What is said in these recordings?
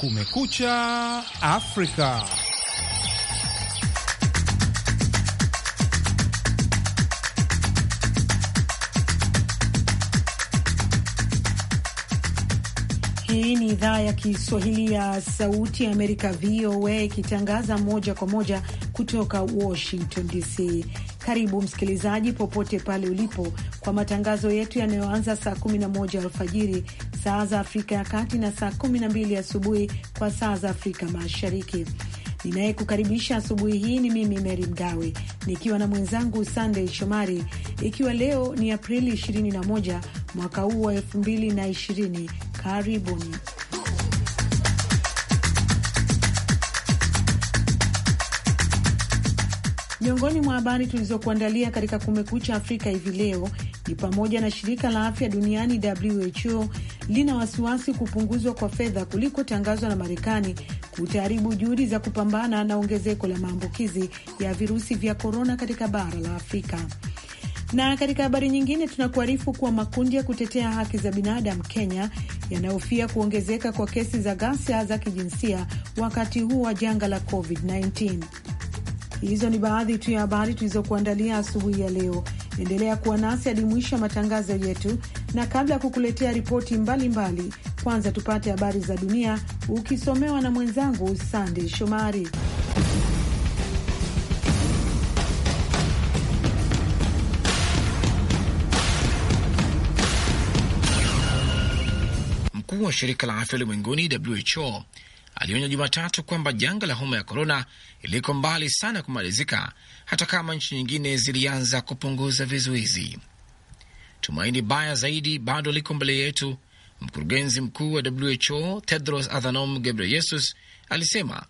Kumekucha Afrika. Hii ni idhaa ya Kiswahili ya Sauti ya Amerika, VOA, ikitangaza moja kwa moja kutoka Washington DC. Karibu msikilizaji, popote pale ulipo, kwa matangazo yetu yanayoanza saa 11 alfajiri saa za Afrika ya Kati na saa 12 asubuhi kwa saa za Afrika Mashariki. Ninayekukaribisha asubuhi hii ni mimi mery Mgawe nikiwa na mwenzangu Sandey Shomari, ikiwa leo ni Aprili 21 mwaka huu wa 2020. Karibuni. Miongoni mwa habari tulizokuandalia katika Kumekucha Afrika hivi leo ni pamoja na shirika la afya duniani WHO lina wasiwasi kupunguzwa kwa fedha kulikotangazwa na Marekani kutaharibu juhudi za kupambana na ongezeko la maambukizi ya virusi vya korona katika bara la Afrika. Na katika habari nyingine tunakuarifu kuwa makundi ya kutetea haki za binadamu Kenya yanayofia kuongezeka kwa kesi za ghasia za kijinsia wakati huu wa janga la COVID-19. Hizo ni baadhi tu ya habari tulizokuandalia asubuhi ya leo. Endelea kuwa nasi hadi mwisho ya matangazo yetu, na kabla ya kukuletea ripoti mbalimbali, kwanza tupate habari za dunia ukisomewa na mwenzangu Sandey Shomari. Mkuu wa shirika la afya ulimwenguni WHO alionya Jumatatu kwamba janga la homa ya korona iliko mbali sana kumalizika hata kama nchi nyingine zilianza kupunguza vizuizi. Tumaini baya zaidi bado liko mbele yetu, mkurugenzi mkuu wa WHO Tedros Adhanom Ghebreyesus alisema.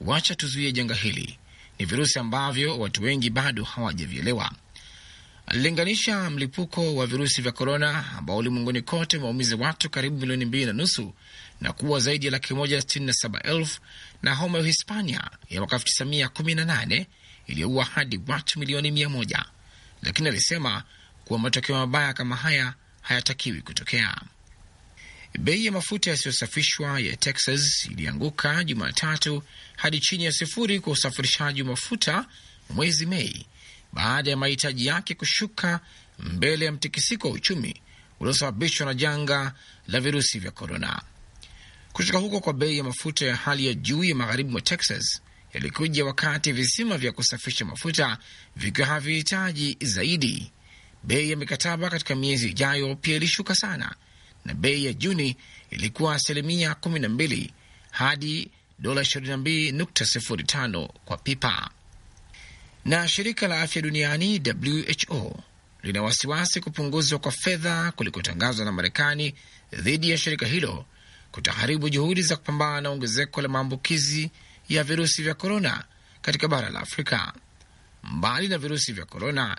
Wacha tuzuie janga hili, ni virusi ambavyo watu wengi bado hawajavielewa alilinganisha mlipuko wa virusi vya korona ambao ulimwenguni kote umeumiza watu karibu milioni mbili na nusu na kuwa zaidi ya laki moja sitini na saba elfu na homa ya Hispania ya mwaka 1918 iliyoua hadi watu milioni mia moja, lakini alisema kuwa matokeo mabaya kama haya hayatakiwi kutokea. Bei ya mafuta yasiyosafishwa ya Texas ilianguka Jumatatu hadi chini ya sifuri kwa usafirishaji wa mafuta mwezi Mei baada ya mahitaji yake kushuka mbele ya mtikisiko wa uchumi uliosababishwa na janga la virusi vya korona. Kushuka huko kwa bei ya mafuta ya hali ya juu ya magharibi mwa Texas yalikuja wakati visima vya kusafisha mafuta vikiwa havihitaji zaidi. Bei ya mikataba katika miezi ijayo pia ilishuka sana, na bei ya Juni ilikuwa asilimia 12 hadi dola 22.05 kwa pipa. Na shirika la afya duniani WHO lina wasiwasi kupunguzwa kwa fedha kulikotangazwa na Marekani dhidi ya shirika hilo kutaharibu juhudi za kupambana na ongezeko la maambukizi ya virusi vya korona katika bara la Afrika. Mbali na virusi vya korona,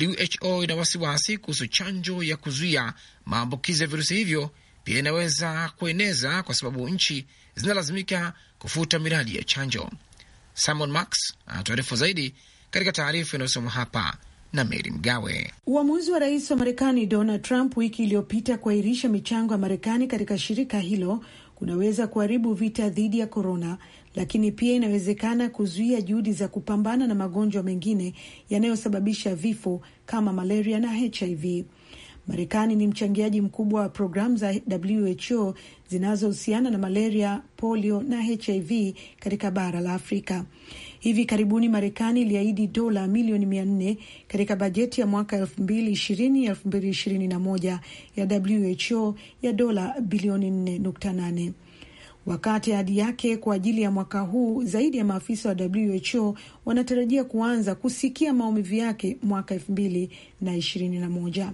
WHO ina wasiwasi kuhusu chanjo ya kuzuia maambukizi ya virusi hivyo pia inaweza kueneza, kwa sababu nchi zinalazimika kufuta miradi ya chanjo. Simon Max anatuarifu zaidi katika taarifa inayosoma hapa na Meri Mgawe. Uamuzi wa rais wa Marekani Donald Trump wiki iliyopita kuahirisha michango ya Marekani katika shirika hilo kunaweza kuharibu vita dhidi ya korona, lakini pia inawezekana kuzuia juhudi za kupambana na magonjwa mengine yanayosababisha vifo kama malaria na HIV. Marekani ni mchangiaji mkubwa wa programu za WHO zinazohusiana na malaria, polio na HIV katika bara la Afrika. Hivi karibuni Marekani iliahidi dola milioni mia nne katika bajeti ya mwaka elfu mbili ishirini elfu mbili ishirini na moja ya WHO ya dola bilioni nne nukta nane wakati ahadi yake kwa ajili ya mwaka huu. Zaidi ya maafisa wa WHO wanatarajia kuanza kusikia maumivu yake mwaka elfu mbili na ishirini na moja.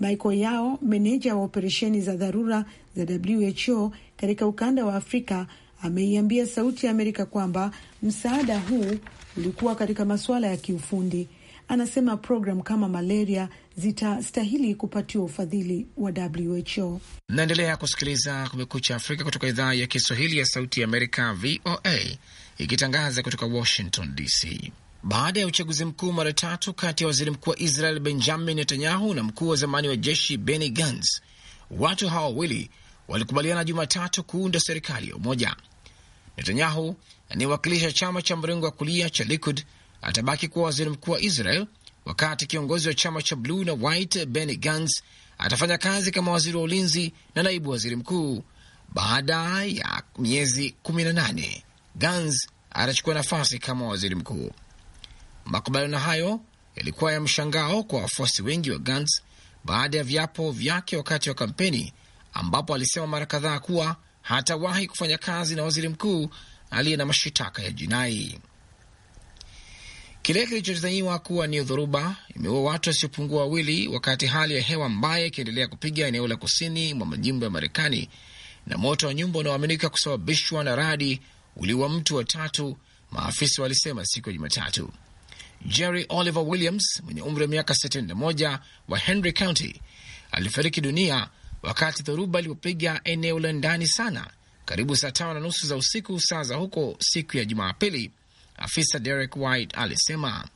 Michael Yao, meneja wa operesheni za dharura za WHO katika ukanda wa Afrika, ameiambia Sauti ya Amerika kwamba msaada huu ulikuwa katika masuala ya kiufundi. Anasema programu kama malaria zitastahili kupatiwa ufadhili wa WHO. Naendelea kusikiliza Kumekucha Afrika kutoka idhaa ya Kiswahili ya Sauti ya Amerika, VOA, ikitangaza kutoka Washington DC. Baada ya uchaguzi mkuu mara tatu kati ya waziri mkuu wa Israel Benjamin Netanyahu na mkuu wa zamani wa jeshi Benny Gantz, watu hawa wawili walikubaliana Jumatatu kuunda serikali ya umoja. Netanyahu anayewakilisha chama cha mrengo wa kulia cha Likud atabaki kuwa waziri mkuu wa Israel wakati kiongozi wa chama cha bluu na white Benny Gantz atafanya kazi kama waziri wa ulinzi na naibu waziri mkuu. Baada ya miezi 18 Gantz atachukua nafasi kama waziri mkuu. Makubaliano hayo yalikuwa ya mshangao kwa wafuasi wengi wa Gantz baada ya viapo vyake wakati wa kampeni, ambapo alisema mara kadhaa kuwa hatawahi kufanya kazi na waziri mkuu aliye na mashitaka ya jinai. Kile kilichodhaniwa kuwa ni dhoruba imeua watu wasiopungua wawili, wakati hali ya hewa mbaya ikiendelea kupiga eneo la kusini mwa majimbo ya Marekani, na moto wa nyumba unaoaminika kusababishwa na radi uliwa mtu watatu, maafisa walisema siku ya Jumatatu. Jerry Oliver Williams mwenye umri wa miaka 61 wa Henry County alifariki dunia wakati dhoruba ilipopiga eneo la ndani sana karibu saa tano na nusu za usiku saa za huko siku ya Jumapili, afisa Derek White alisema.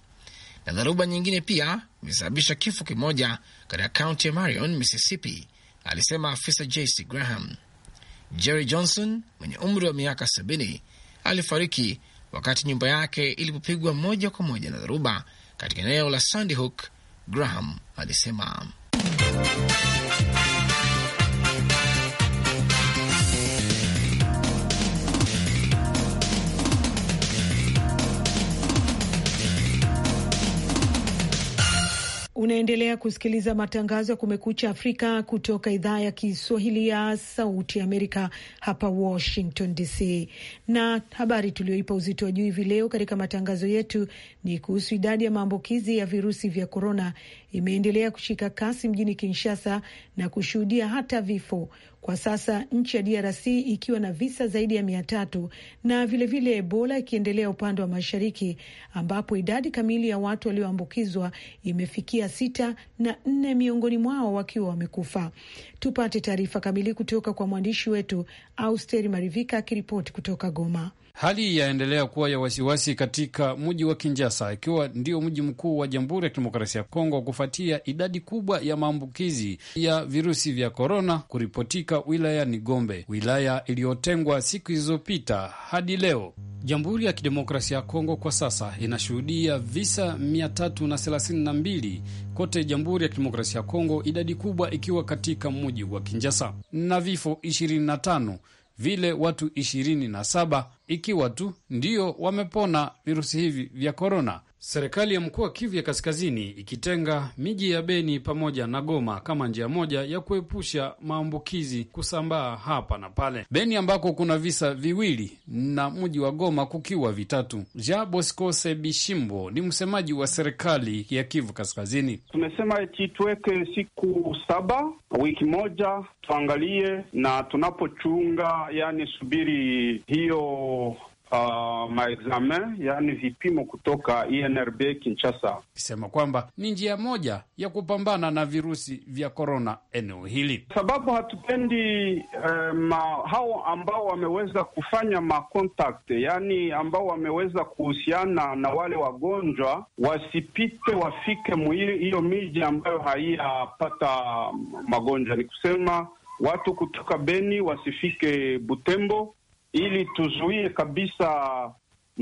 Na dharuba nyingine pia imesababisha kifo kimoja katika kaunti ya Marion, Mississippi, alisema afisa JC Graham. Jerry Johnson mwenye umri wa miaka 70 alifariki wakati nyumba yake ilipopigwa moja kwa moja na dharuba katika eneo la Sandy Hook, Graham alisema. Unaendelea kusikiliza matangazo ya Kumekucha Afrika kutoka idhaa ya Kiswahili ya Sauti Amerika hapa Washington DC, na habari tuliyoipa uzito wa juu hivi leo katika matangazo yetu ni kuhusu idadi ya maambukizi ya virusi vya korona imeendelea kushika kasi mjini Kinshasa na kushuhudia hata vifo. Kwa sasa nchi ya DRC ikiwa na visa zaidi ya mia tatu na vilevile vile Ebola ikiendelea upande wa mashariki, ambapo idadi kamili ya watu walioambukizwa imefikia sita na nne miongoni mwao wakiwa wamekufa. Tupate taarifa kamili kutoka kwa mwandishi wetu Austeri Marivika akiripoti kutoka Goma. Hali yaendelea kuwa ya wasiwasi katika mji wa kinjasa ikiwa ndio mji mkuu wa Jamhuri ya Kidemokrasia ya Kongo, kufuatia idadi kubwa ya maambukizi ya virusi vya korona kuripotika wilayani Gombe, wilaya iliyotengwa siku zilizopita hadi leo. Jamhuri ya Kidemokrasia ya Kongo kwa sasa inashuhudia visa 332 kote Jamhuri ya Kidemokrasia ya Kongo, idadi kubwa ikiwa katika mji wa kinjasa na vifo 25 vile watu ishirini na saba ikiwa tu ndio wamepona virusi hivi vya korona. Serikali ya mkoa wa Kivu ya Kaskazini ikitenga miji ya Beni pamoja na Goma kama njia moja ya kuepusha maambukizi kusambaa hapa na pale. Beni ambako kuna visa viwili na mji wa Goma kukiwa vitatu. Ja Bosco Bishimbo ni msemaji wa serikali ya Kivu Kaskazini. Tumesema eti tuweke siku saba, wiki moja, tuangalie na tunapochunga, yani subiri hiyo uh, maexamen yaani vipimo kutoka INRB e Kinshasa, ikisema kwamba ni njia moja ya kupambana na virusi vya korona eneo hili, sababu hatupendi eh, hao ambao wameweza kufanya makontakti yaani ambao wameweza kuhusiana na wale wagonjwa wasipite wafike mwili hiyo miji ambayo haiyapata magonjwa, ni kusema watu kutoka Beni wasifike Butembo ili tuzuie kabisa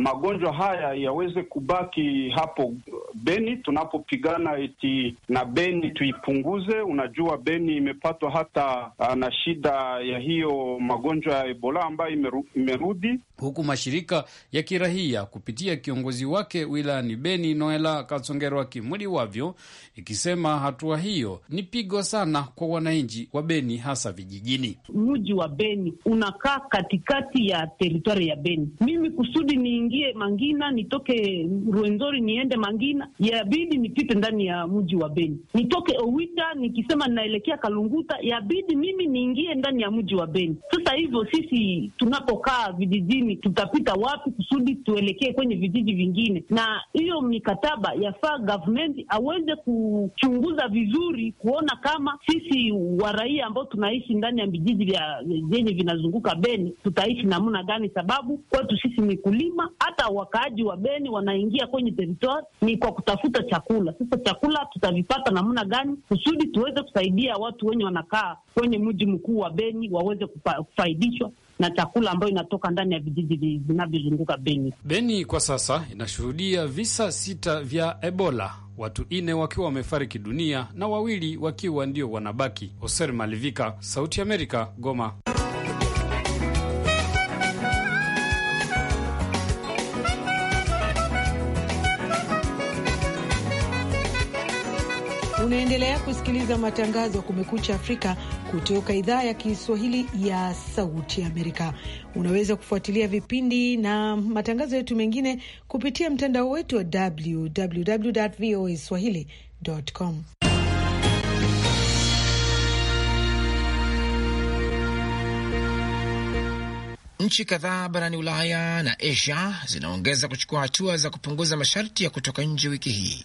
magonjwa haya yaweze kubaki hapo Beni tunapopigana eti na Beni tuipunguze. Unajua Beni imepatwa hata ah, na shida ya hiyo magonjwa ya Ebola ambayo imeru, imerudi huku mashirika ya kirahia kupitia kiongozi wake wilayani Beni Noela Kasongerwa kimwili wavyo ikisema hatua hiyo ni pigo sana kwa wananchi wa Beni hasa vijijini. Mji wa Beni unakaa katikati ya teritwari ya Beni. Mimi kusudi ni niingie Mangina, nitoke Ruenzori niende Mangina, yabidi nipite ndani ya mji wa Beni. Nitoke Owita nikisema ninaelekea Kalunguta, yabidi mimi niingie ndani ya mji wa Beni. Sasa hivyo sisi tunapokaa vijijini, tutapita wapi kusudi tuelekee kwenye vijiji vingine? Na hiyo mikataba yafaa government aweze kuchunguza vizuri, kuona kama sisi waraia ambao tunaishi ndani ya vijiji vya vyenye vinazunguka Beni tutaishi namna gani, sababu kwetu sisi ni kulima hata wakaaji wa Beni wanaingia kwenye teritori ni kwa kutafuta chakula. Sasa chakula tutavipata namna gani kusudi tuweze kusaidia watu wenye wanakaa kwenye mji mkuu wa Beni waweze kupa, kufaidishwa na chakula ambayo inatoka ndani ya vijiji vinavyozunguka Beni. Beni kwa sasa inashuhudia visa sita vya Ebola, watu ine wakiwa wamefariki dunia na wawili wakiwa ndio wanabaki. Hoser Malivika, Sauti Amerika, Goma. Unaendelea kusikiliza matangazo ya Kumekucha Afrika kutoka idhaa ya Kiswahili ya Sauti Amerika. Unaweza kufuatilia vipindi na matangazo yetu mengine kupitia mtandao wetu wa www voa swahili.com. Nchi kadhaa barani Ulaya na Asia zinaongeza kuchukua hatua za kupunguza masharti ya kutoka nje wiki hii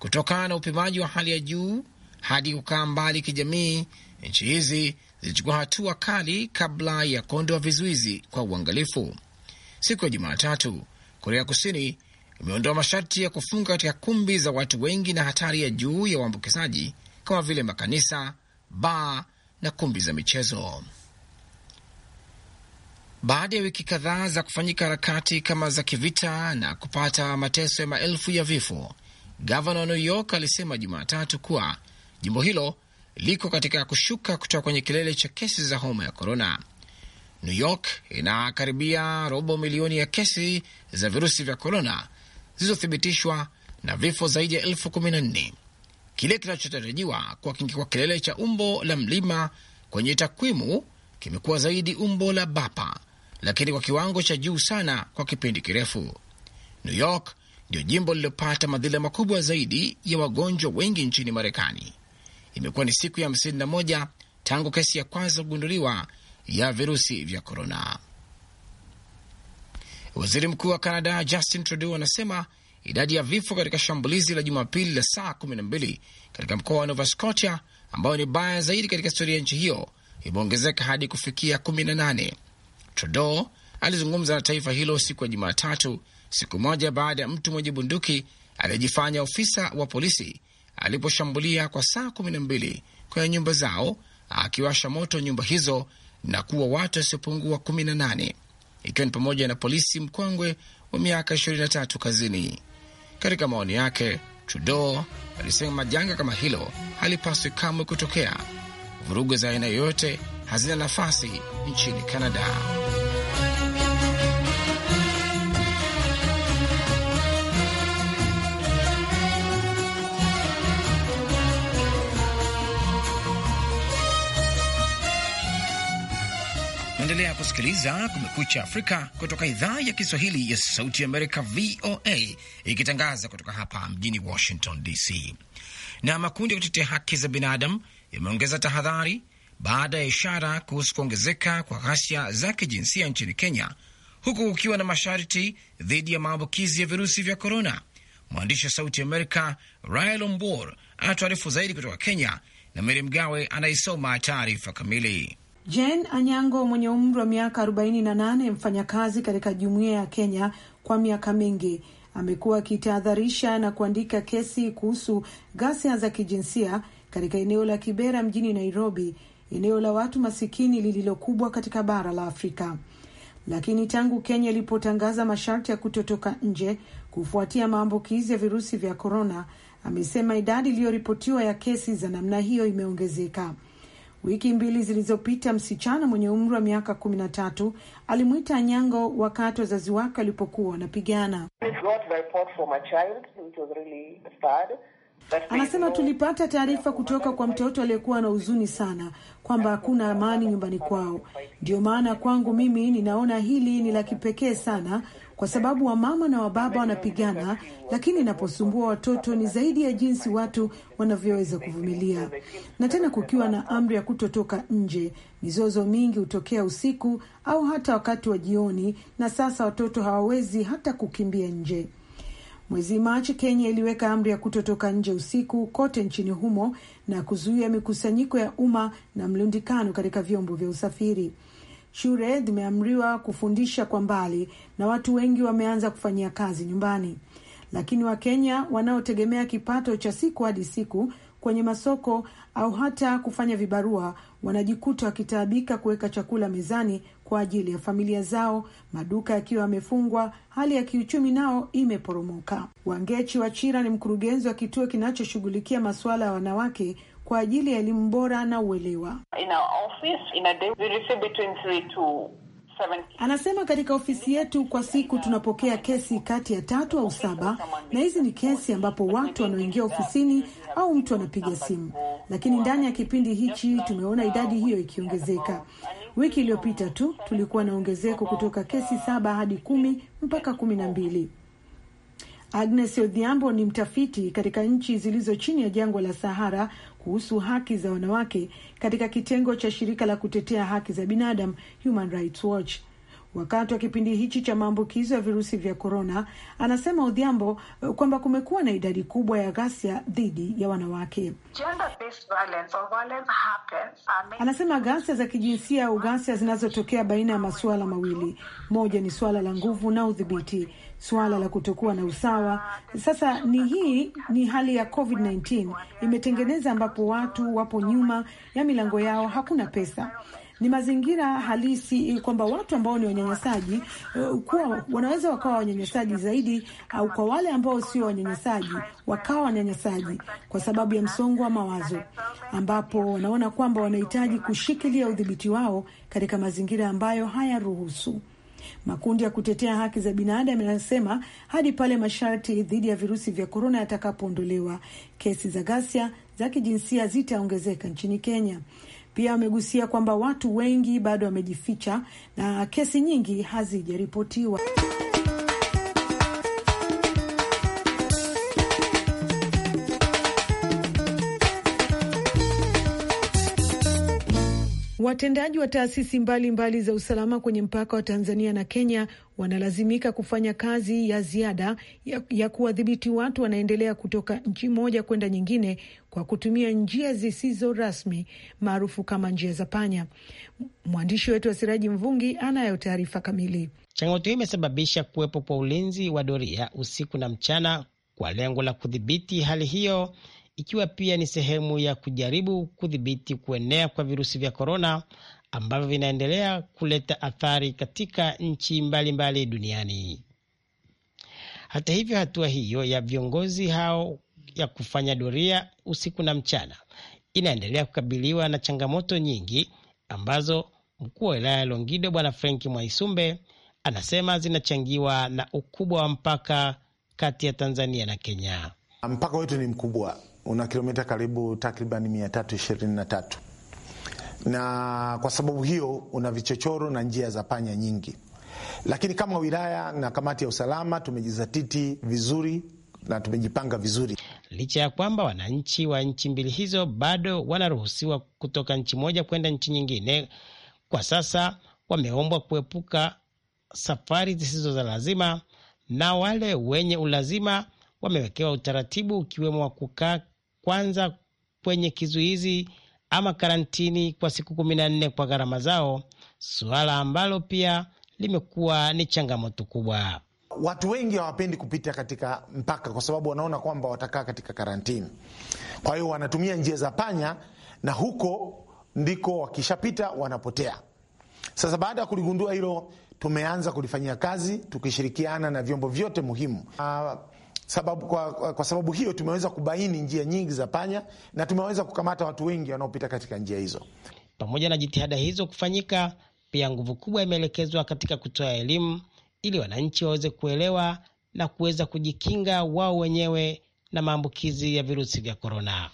Kutokana na upimaji wa hali ya juu hadi kukaa mbali kijamii, nchi hizi zilichukua hatua kali kabla ya kuondoa vizuizi kwa uangalifu. Siku ya Jumatatu, Korea Kusini imeondoa masharti ya kufunga katika kumbi za watu wengi na hatari ya juu ya uambukizaji kama vile makanisa, baa na kumbi za michezo. Baada ya wiki kadhaa za kufanyika harakati kama za kivita na kupata mateso ya maelfu ya vifo, Gavana wa New York alisema Jumatatu kuwa jimbo hilo liko katika kushuka kutoka kwenye kilele cha kesi za homa ya korona. New York inakaribia robo milioni ya kesi za virusi vya korona zilizothibitishwa na vifo zaidi ya elfu kumi na nne kile kinachotarajiwa kuwa kingikwa kilele cha umbo la mlima kwenye takwimu kimekuwa zaidi umbo la bapa, lakini kwa kiwango cha juu sana kwa kipindi kirefu. New York ndio jimbo lililopata madhila makubwa zaidi ya wagonjwa wengi nchini Marekani. Imekuwa ni siku ya 51 tangu kesi ya kwanza kugunduliwa ya virusi vya korona. Waziri mkuu wa Kanada Justin Trudeau anasema idadi ya vifo katika shambulizi la Jumapili la saa 12 katika mkoa wa Nova Scotia, ambayo ni baya zaidi katika historia ya nchi hiyo, imeongezeka hadi kufikia 18. Trudeau alizungumza na taifa hilo siku ya Jumatatu siku moja baada ya mtu mwenye bunduki aliyejifanya ofisa wa polisi aliposhambulia kwa saa kumi na mbili kwenye nyumba zao akiwasha moto nyumba hizo na kuwa watu wasiopungua kumi na nane ikiwa ni pamoja na polisi mkongwe wa miaka tatu kazini. Katika maoni yake, Trudeau alisema janga kama hilo halipaswi kamwe kutokea. Vurugu za aina yoyote hazina nafasi nchini Kanada. Unaendelea kusikiliza Kumekucha Afrika kutoka idhaa ya Kiswahili ya Sauti Amerika, VOA, ikitangaza kutoka hapa mjini Washington DC. Na makundi ya kutetea haki za binadamu yameongeza tahadhari baada ya ishara kuhusu kuongezeka kwa ghasia za kijinsia nchini Kenya, huku ukiwa na masharti dhidi ya maambukizi ya virusi vya korona. Mwandishi wa Sauti Amerika Rael Ombor anatuarifu zaidi kutoka Kenya, na Meri Mgawe anaisoma taarifa kamili. Jen Anyango mwenye umri wa miaka 48, mfanyakazi katika jumuiya ya Kenya kwa miaka mingi, amekuwa akitahadharisha na kuandika kesi kuhusu ghasia za kijinsia katika eneo la Kibera mjini Nairobi, eneo la watu masikini lililokubwa katika bara la Afrika. Lakini tangu Kenya ilipotangaza masharti ya kutotoka nje kufuatia maambukizi ya virusi vya korona, amesema idadi iliyoripotiwa ya kesi za namna hiyo imeongezeka. Wiki mbili zilizopita msichana mwenye umri wa miaka kumi na tatu alimwita Nyango wakati wazazi wake walipokuwa wanapigana. anasema tulipata taarifa kutoka kwa mtoto aliyekuwa na huzuni sana kwamba hakuna amani nyumbani kwao. ndio maana kwangu mimi ninaona hili ni la kipekee sana kwa sababu wamama na wababa wanapigana, lakini inaposumbua watoto ni zaidi ya jinsi watu wanavyoweza kuvumilia. Na tena kukiwa na amri ya kutotoka nje, mizozo mingi hutokea usiku au hata wakati wa jioni, na sasa watoto hawawezi hata kukimbia nje. Mwezi Machi, Kenya iliweka amri ya kutotoka nje usiku kote nchini humo na kuzuia mikusanyiko ya umma na mlundikano katika vyombo vya usafiri. Shule zimeamriwa kufundisha kwa mbali na watu wengi wameanza kufanyia kazi nyumbani, lakini Wakenya wanaotegemea kipato cha siku hadi siku kwenye masoko au hata kufanya vibarua wanajikuta wakitaabika kuweka chakula mezani kwa ajili ya familia zao, maduka yakiwa yamefungwa, hali ya kiuchumi nao imeporomoka. Wangechi Wachira ni mkurugenzi wa kituo kinachoshughulikia masuala ya wanawake kwa ajili ya elimu bora na uelewa. Anasema katika ofisi yetu kwa siku tunapokea kesi kati ya tatu au saba, na hizi ni kesi ambapo watu wanaoingia ofisini au mtu anapiga simu, lakini ndani ya kipindi hichi tumeona idadi hiyo ikiongezeka. Wiki iliyopita tu tulikuwa na ongezeko kutoka kesi saba hadi kumi mpaka kumi na mbili. Agnes Odhiambo ni mtafiti katika nchi zilizo chini ya jangwa la Sahara kuhusu haki za wanawake katika kitengo cha shirika la kutetea haki za binadamu Human Rights Watch wakati wa kipindi hichi cha maambukizo ya virusi vya korona. Anasema Odhiambo eh, kwamba kumekuwa na idadi kubwa ya ghasia dhidi ya wanawake. Anasema ghasia za kijinsia au ghasia zinazotokea baina ya masuala mawili, moja ni suala la nguvu na udhibiti, suala la kutokuwa na usawa. Sasa ni hii ni hali ya COVID-19 imetengeneza, ambapo watu wapo nyuma ya milango yao, hakuna pesa ni mazingira halisi eh, kwamba watu ambao ni wanyanyasaji uh, kuwa wanaweza wakawa wanyanyasaji zaidi au uh, kwa wale ambao sio wanyanyasaji wakawa wanyanyasaji kwa sababu ya msongo wa mawazo, ambapo wanaona kwamba wanahitaji kushikilia udhibiti wao katika mazingira ambayo hayaruhusu. Makundi ya kutetea haki za binadamu yanasema hadi pale masharti dhidi ya virusi vya korona yatakapoondolewa, kesi za ghasia za kijinsia zitaongezeka nchini Kenya. Pia amegusia kwamba watu wengi bado wamejificha na kesi nyingi hazijaripotiwa. Watendaji wa taasisi mbalimbali za usalama kwenye mpaka wa Tanzania na Kenya wanalazimika kufanya kazi ya ziada ya, ya kuwadhibiti watu wanaendelea kutoka nchi moja kwenda nyingine kwa kutumia njia zisizo rasmi maarufu kama njia za panya. Mwandishi wetu wa Siraji Mvungi anayo taarifa kamili. Changamoto hii imesababisha kuwepo kwa ulinzi wa doria usiku na mchana kwa lengo la kudhibiti hali hiyo ikiwa pia ni sehemu ya kujaribu kudhibiti kuenea kwa virusi vya korona ambavyo vinaendelea kuleta athari katika nchi mbalimbali mbali duniani. Hata hivyo, hatua hiyo ya viongozi hao ya kufanya doria usiku na mchana inaendelea kukabiliwa na changamoto nyingi ambazo mkuu wa wilaya ya Longido Bwana Frenki Mwaisumbe anasema zinachangiwa na ukubwa wa mpaka kati ya Tanzania na Kenya. Mpaka wetu ni mkubwa una kilomita karibu takriban mia tatu ishirini na tatu na kwa sababu hiyo una vichochoro na njia za panya nyingi, lakini kama wilaya na kamati ya usalama tumejizatiti vizuri na tumejipanga vizuri. Licha ya kwamba wananchi wa nchi mbili hizo bado wanaruhusiwa kutoka nchi moja kwenda nchi nyingine, kwa sasa wameombwa kuepuka safari zisizo za lazima, na wale wenye ulazima wamewekewa utaratibu ukiwemo wa kukaa kwanza kwenye kizuizi ama karantini kwa siku kumi na nne kwa gharama zao, suala ambalo pia limekuwa ni changamoto kubwa. Watu wengi hawapendi kupita katika mpaka kwa sababu wanaona kwamba watakaa katika karantini, kwa hiyo wanatumia njia za panya, na huko ndiko wakishapita wanapotea. Sasa baada ya kuligundua hilo, tumeanza kulifanyia kazi tukishirikiana na vyombo vyote muhimu uh, sababu, kwa, kwa sababu hiyo tumeweza kubaini njia nyingi za panya na tumeweza kukamata watu wengi wanaopita katika njia hizo. Pamoja na jitihada hizo kufanyika, pia nguvu kubwa imeelekezwa katika kutoa elimu ili wananchi waweze kuelewa na kuweza kujikinga wao wenyewe na maambukizi ya virusi vya korona.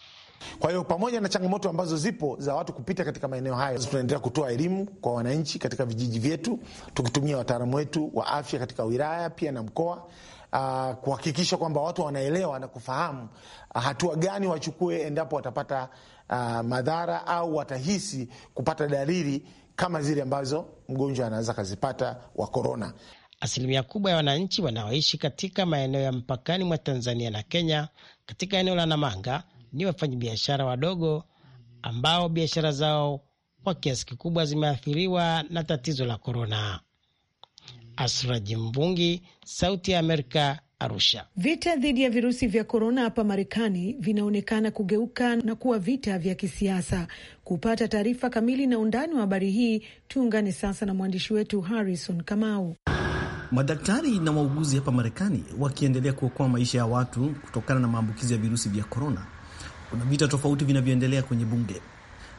Kwa hiyo pamoja na changamoto ambazo zipo za watu kupita katika maeneo hayo, tunaendelea kutoa elimu kwa wananchi katika vijiji vyetu, tukitumia wataalamu wetu wa afya katika wilaya pia na mkoa uh, kuhakikisha kwamba watu wanaelewa na kufahamu uh, hatua gani wachukue endapo watapata uh, madhara au watahisi kupata dalili kama zile ambazo mgonjwa anaweza akazipata wa korona. Asilimia kubwa ya wananchi wanaoishi katika maeneo ya mpakani mwa Tanzania na Kenya katika eneo la Namanga ni wafanyabiashara wadogo ambao biashara zao kwa kiasi kikubwa zimeathiriwa na tatizo la korona. Asraji Mvungi, Sauti ya Amerika, Arusha. Vita dhidi ya virusi vya korona hapa Marekani vinaonekana kugeuka na kuwa vita vya kisiasa. Kupata taarifa kamili na undani wa habari hii, tuungane sasa na mwandishi wetu Harrison Kamau. Madaktari na wauguzi hapa Marekani wakiendelea kuokoa maisha ya watu kutokana na maambukizi ya virusi vya korona. Kuna vita tofauti vinavyoendelea kwenye bunge.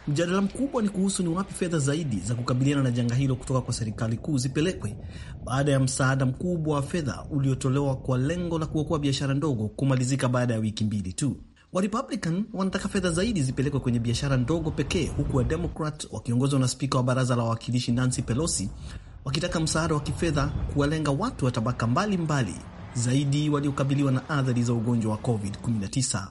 Mjadala mkubwa ni kuhusu ni wapi fedha zaidi za kukabiliana na janga hilo kutoka kwa serikali kuu zipelekwe baada ya msaada mkubwa wa fedha uliotolewa kwa lengo la kuokoa biashara ndogo kumalizika baada ya wiki mbili tu. Wa Republican wanataka fedha zaidi zipelekwe kwenye biashara ndogo pekee, huku wa Democrat wakiongozwa na spika wa baraza la wawakilishi Nancy Pelosi wakitaka msaada wa kifedha kuwalenga watu wa tabaka mbalimbali mbali zaidi waliokabiliwa na athari za ugonjwa wa COVID-19.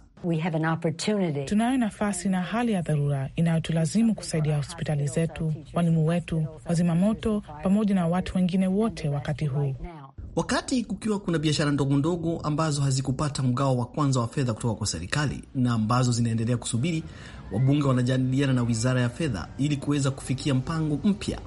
Tunayo nafasi na hali ya dharura inayotulazimu kusaidia hospitali zetu, walimu wetu, wazimamoto, pamoja na watu wengine wote wakati huu wakati kukiwa kuna biashara ndogo ndogo ambazo hazikupata mgao wa kwanza wa fedha kutoka kwa serikali na ambazo zinaendelea kusubiri, wabunge wanajadiliana na wizara ya fedha ili kuweza kufikia mpango mpya.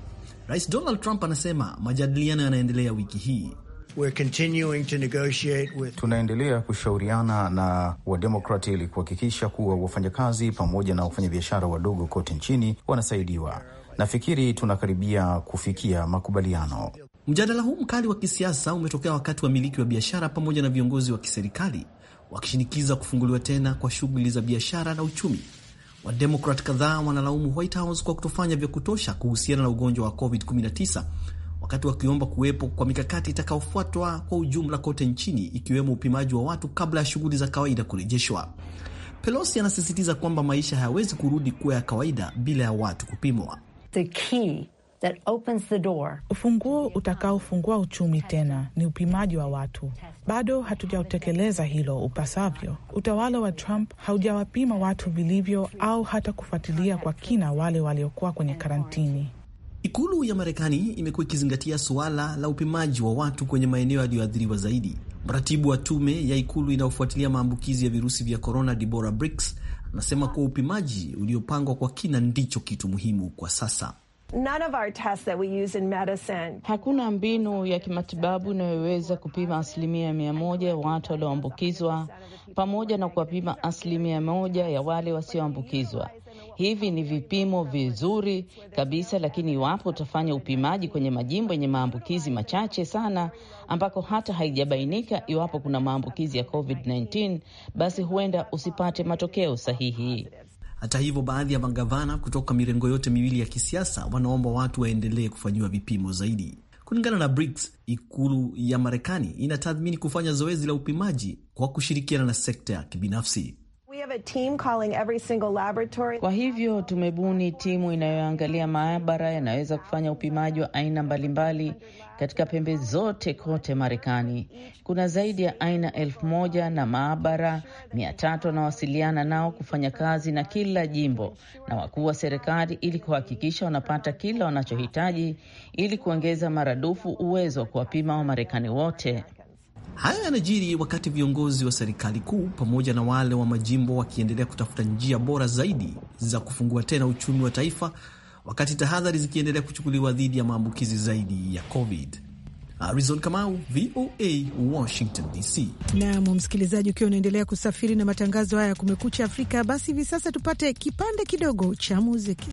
Rais Donald Trump anasema majadiliano yanaendelea wiki hii with... tunaendelea kushauriana na Wademokrati ili kuhakikisha kuwa wafanyakazi pamoja na wafanyabiashara wadogo kote nchini wanasaidiwa. Nafikiri tunakaribia kufikia makubaliano. Mjadala huu mkali wa kisiasa umetokea wakati wamiliki wa biashara pamoja na viongozi wa kiserikali wakishinikiza kufunguliwa tena kwa shughuli za biashara na uchumi. Wademokrat kadhaa wanalaumu White House kwa kutofanya vya kutosha kuhusiana na ugonjwa wa COVID-19 wakati wakiomba kuwepo kwa mikakati itakayofuatwa kwa ujumla kote nchini, ikiwemo upimaji wa watu kabla ya shughuli za kawaida kurejeshwa. Pelosi anasisitiza kwamba maisha hayawezi kurudi kuwa ya kawaida bila ya watu kupimwa. The key that opens the door. Ufunguo utakaofungua uchumi tena ni upimaji wa watu. Bado hatujautekeleza hilo upasavyo. Utawala wa Trump haujawapima watu vilivyo au hata kufuatilia kwa kina wale waliokuwa kwenye karantini. Ikulu ya Marekani imekuwa ikizingatia suala la upimaji wa watu kwenye maeneo yaliyoathiriwa zaidi. Mratibu wa tume ya ikulu inayofuatilia maambukizi ya virusi vya korona, Deborah Bricks, anasema kuwa upimaji uliopangwa kwa kina ndicho kitu muhimu kwa sasa. None of our tests that we use in medicine. Hakuna mbinu ya kimatibabu inayoweza kupima asilimia mia moja ya watu walioambukizwa pamoja na kuwapima asilimia moja ya wale wasioambukizwa Hivi ni vipimo vizuri kabisa, lakini iwapo utafanya upimaji kwenye majimbo yenye maambukizi machache sana, ambako hata haijabainika iwapo kuna maambukizi ya COVID-19, basi huenda usipate matokeo sahihi. Hata hivyo, baadhi ya magavana kutoka mirengo yote miwili ya kisiasa wanaomba watu waendelee kufanyiwa vipimo zaidi. Kulingana na BRICS, ikulu ya Marekani inatathmini kufanya zoezi la upimaji kwa kushirikiana na sekta ya kibinafsi have a team calling every single laboratory. Kwa hivyo tumebuni timu inayoangalia maabara yanaweza kufanya upimaji wa aina mbalimbali katika pembe zote kote Marekani. Kuna zaidi ya aina elfu moja na maabara mia tatu wanawasiliana nao kufanya kazi na kila jimbo na wakuu wa serikali ili kuhakikisha wanapata kila wanachohitaji ili kuongeza maradufu uwezo wa kuwapima Wamarekani wote. Haya yanajiri wakati viongozi wa serikali kuu pamoja na wale wa majimbo wakiendelea kutafuta njia bora zaidi za kufungua tena uchumi wa taifa, wakati tahadhari zikiendelea kuchukuliwa dhidi ya maambukizi zaidi ya COVID. Arizona Kamau, VOA, Washington DC. Nam msikilizaji, ukiwa unaendelea kusafiri na matangazo haya ya Kumekucha Afrika, basi hivi sasa tupate kipande kidogo cha muziki.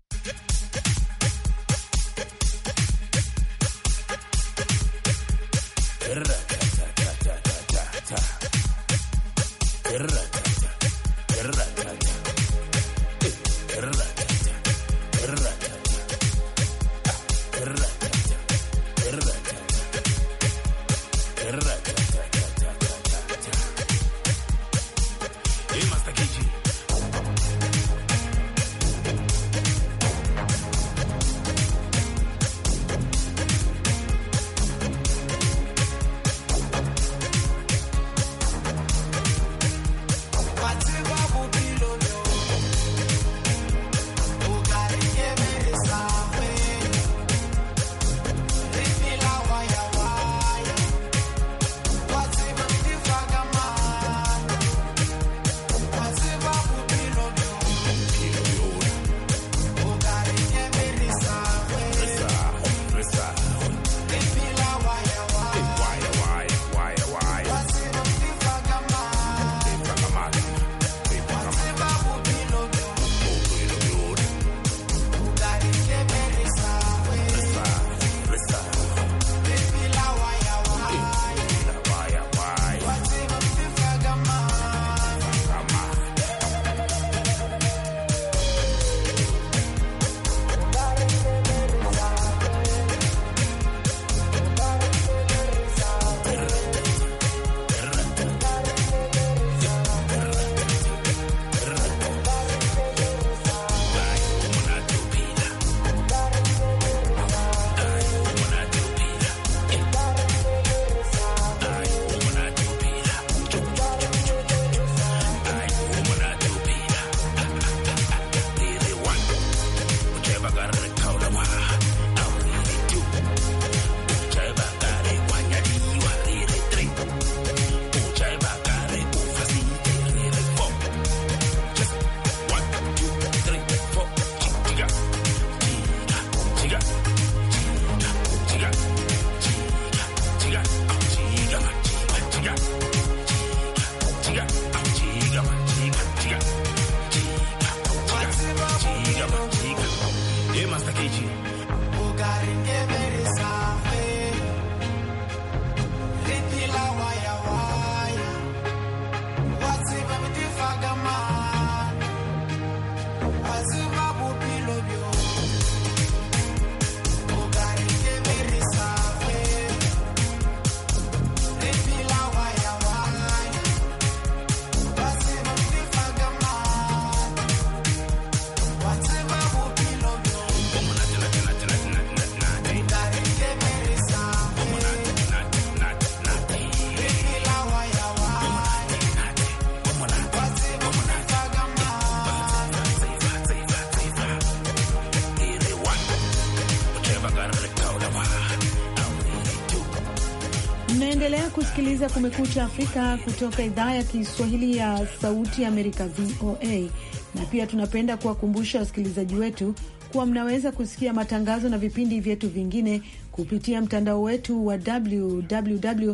unasikiliza Kumekucha Afrika kutoka idhaa ya Kiswahili ya Sauti ya Amerika, VOA. Na pia tunapenda kuwakumbusha wasikilizaji wetu kuwa mnaweza kusikia matangazo na vipindi vyetu vingine kupitia mtandao wetu wa www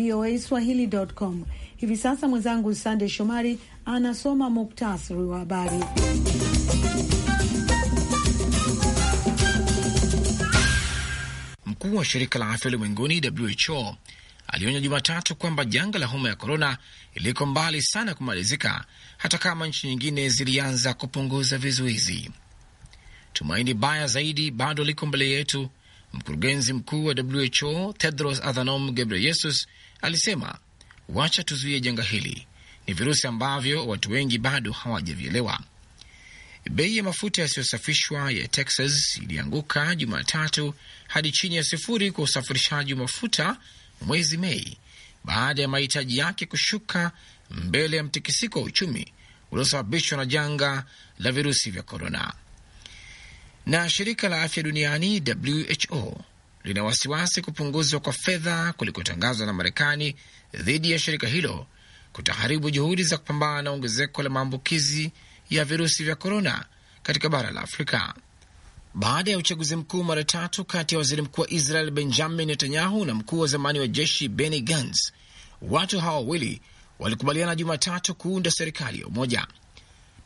voa swahili.com. Hivi sasa mwenzangu Sande Shomari anasoma muktasari wa habari. Mkuu wa shirika la afya ulimwenguni WHO alionya Jumatatu kwamba janga la homa ya korona liko mbali sana kumalizika hata kama nchi nyingine zilianza kupunguza vizuizi. Tumaini baya zaidi bado liko mbele yetu, mkurugenzi mkuu wa WHO Tedros Adhanom Ghebreyesus alisema, wacha tuzuie janga hili, ni virusi ambavyo watu wengi bado hawajavielewa. Bei ya mafuta yasiyosafishwa ya Texas ilianguka Jumatatu hadi chini ya sifuri kwa usafirishaji wa mafuta mwezi Mei baada ya mahitaji yake kushuka mbele ya mtikisiko wa uchumi uliosababishwa na janga la virusi vya korona. Na shirika la afya duniani WHO lina wasiwasi kupunguzwa kwa fedha kulikotangazwa na Marekani dhidi ya shirika hilo kutaharibu juhudi za kupambana na ongezeko la maambukizi ya virusi vya korona katika bara la Afrika baada ya uchaguzi mkuu mara tatu kati ya waziri mkuu wa Israel Benjamin Netanyahu na mkuu wa zamani wa jeshi Benny Gantz. Watu hawa wawili walikubaliana Jumatatu kuunda serikali ya umoja.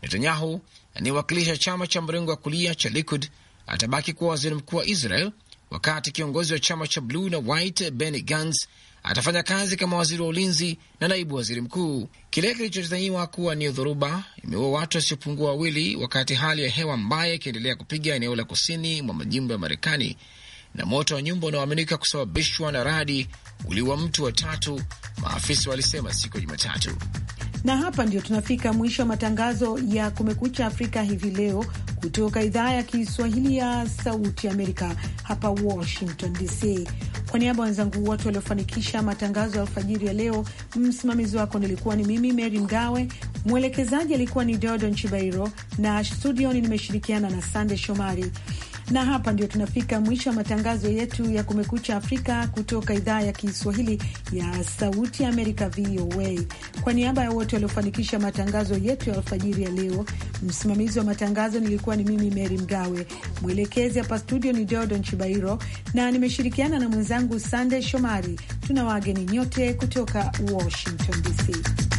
Netanyahu anayewakilisha chama cha mrengo wa kulia cha Likud atabaki kuwa waziri mkuu wa Israel, wakati kiongozi wa chama cha bluu na white Benny Gantz atafanya kazi kama waziri wa ulinzi na naibu waziri mkuu. Kile kilichodhanyiwa kuwa ni dhoruba imeua watu wasiopungua wawili, wakati hali ya hewa mbaya ikiendelea kupiga eneo la kusini mwa majimbo ya Marekani, na moto wa nyumba unaoaminika kusababishwa na radi uliwa mtu watatu, maafisa walisema siku ya Jumatatu. Na hapa ndio tunafika mwisho wa matangazo ya Kumekucha Afrika hivi leo kutoka idhaa ya Kiswahili ya Sauti Amerika hapa Washington DC. Kwa niaba ya wenzangu wote waliofanikisha matangazo ya alfajiri ya leo, msimamizi wako nilikuwa ni mimi Meri Mgawe, mwelekezaji alikuwa ni dodo nchibairo na studioni nimeshirikiana na Sande Shomari. Na hapa ndio tunafika mwisho wa matangazo yetu ya Kumekucha Afrika kutoka idhaa ya Kiswahili ya Sauti ya Amerika, VOA. Kwa niaba ya wote waliofanikisha matangazo yetu ya alfajiri ya leo, msimamizi wa matangazo nilikuwa ni mimi mery Mgawe, mwelekezi hapa studio ni dodo Nchibairo na nimeshirikiana na mwenzangu sandey Shomari. Tuna wageni nyote kutoka Washington DC.